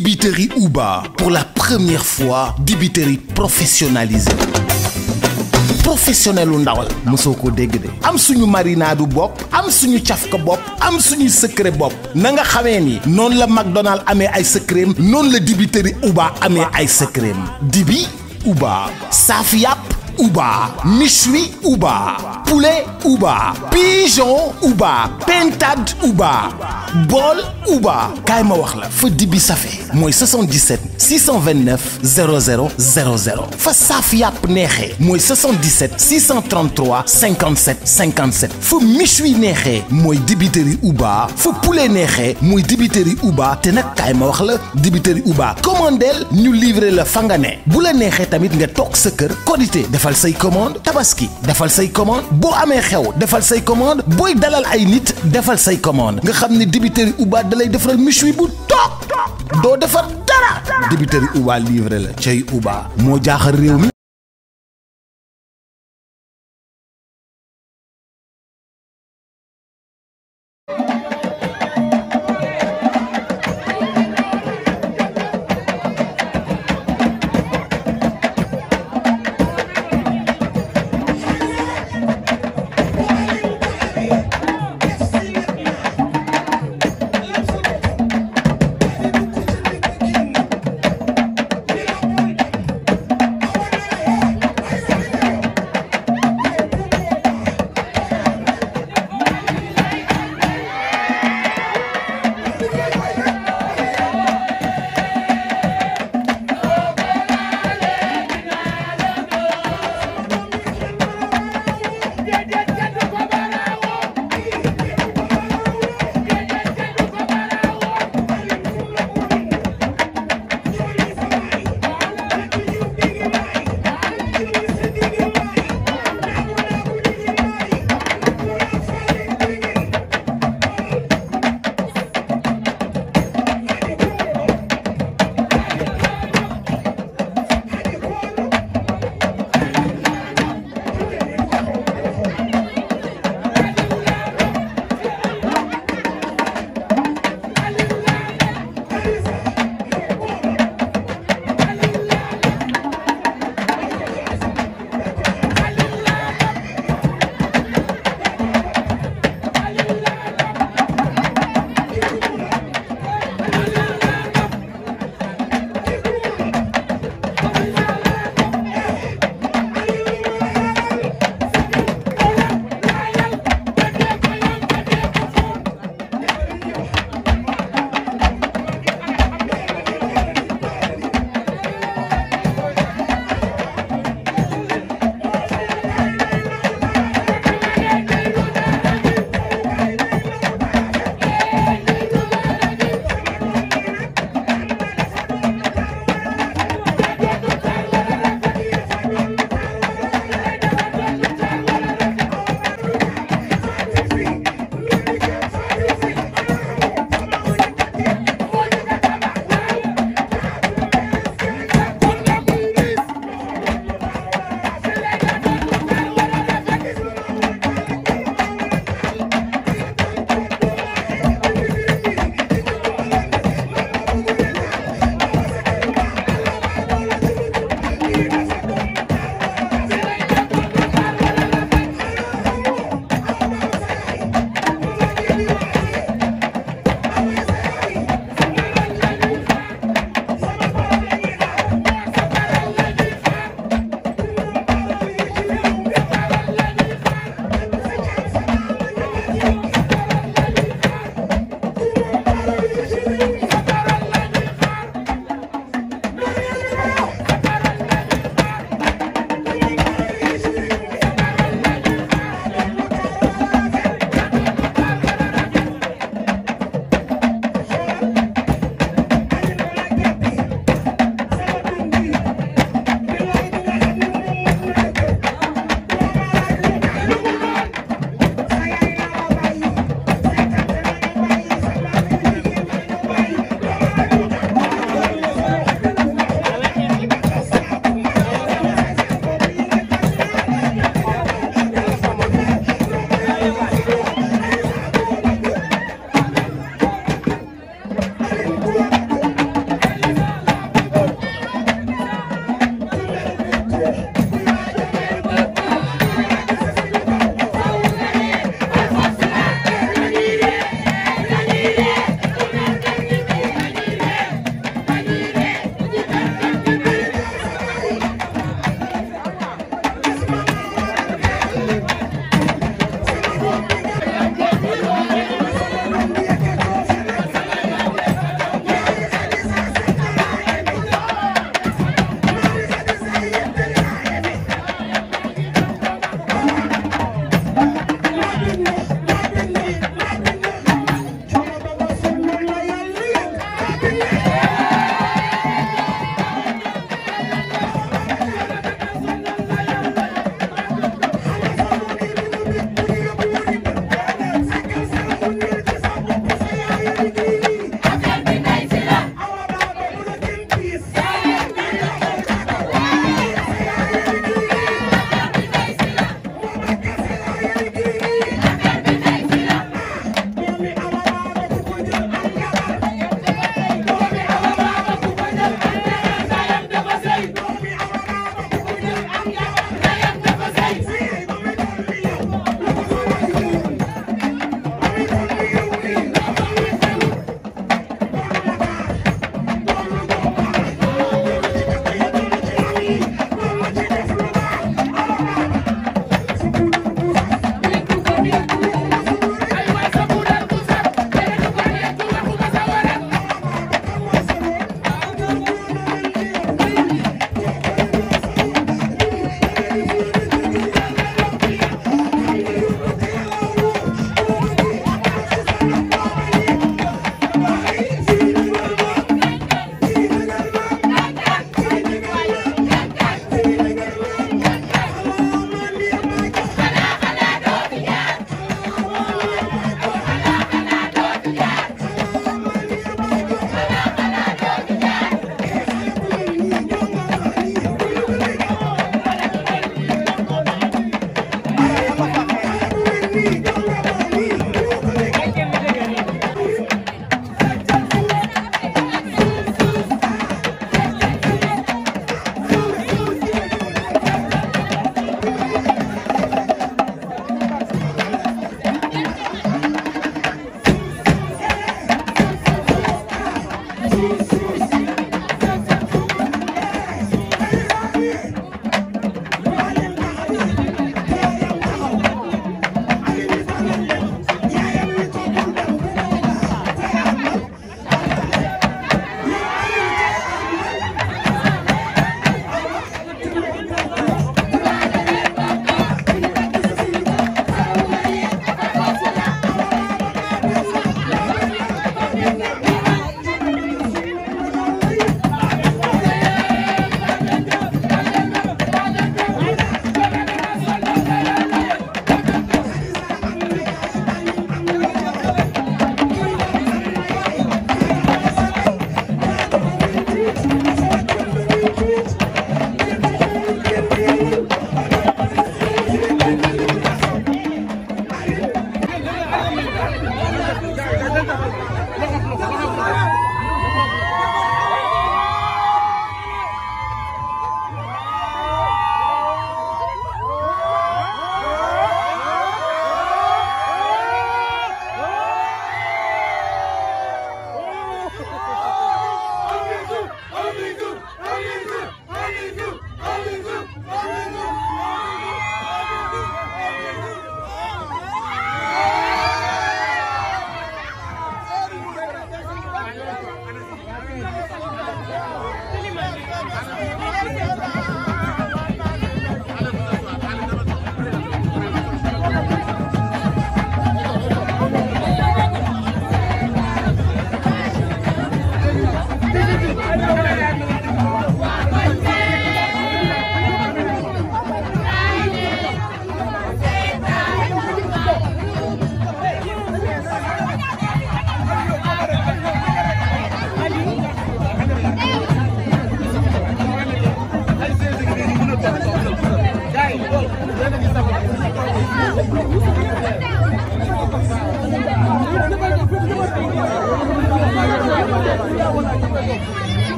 dibitëri Uba pour la première fois dibitëri professionnalisé professionnel lu ndawal mosoo ko dégg de am suñu marinaadu bopp am suñu cafka bopp am suñuy secret bopp na nga xamee nii noonu la McDonald amee ay secret noonu la dibitëri Uba amee ay secret dibi Uba saaf yàpp Uba méchoui Uba poulet Uba pigeon Uba pintade Uba bool Uba kaay ma wax la fa dibi safe mooy 77 629 00 00 fa saaf yàpp neexee mooy 77 633 57 57 fa méchoui neexee mooy dibiteri Uba fa poulet neexee mooy dibiteri Uba te nag kaay ma wax la dibiteri Uba commandeel ñu livrer la fa nga ne bu la neexee tamit nga toog sa kër Korité defal say commande Tabaski defal say commande boo amee xew defal say commande booy dalal ay nit defal say commande nga xam ne dibitëri Uba dalay defaral méchoui bu toog doo defar dara dibitëri Uba livré la cay Uba moo jaaxal réew mi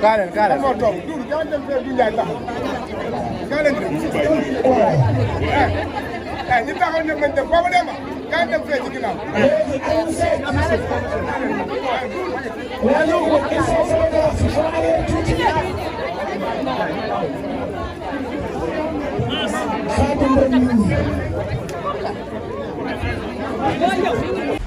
Karen, Karen. One more talk. Dude, can't them play Dunya. Karen. waaye ñu taxaw ne mañ dem boobu dem ba gaa dem fee ci ginnaaw. Thank you.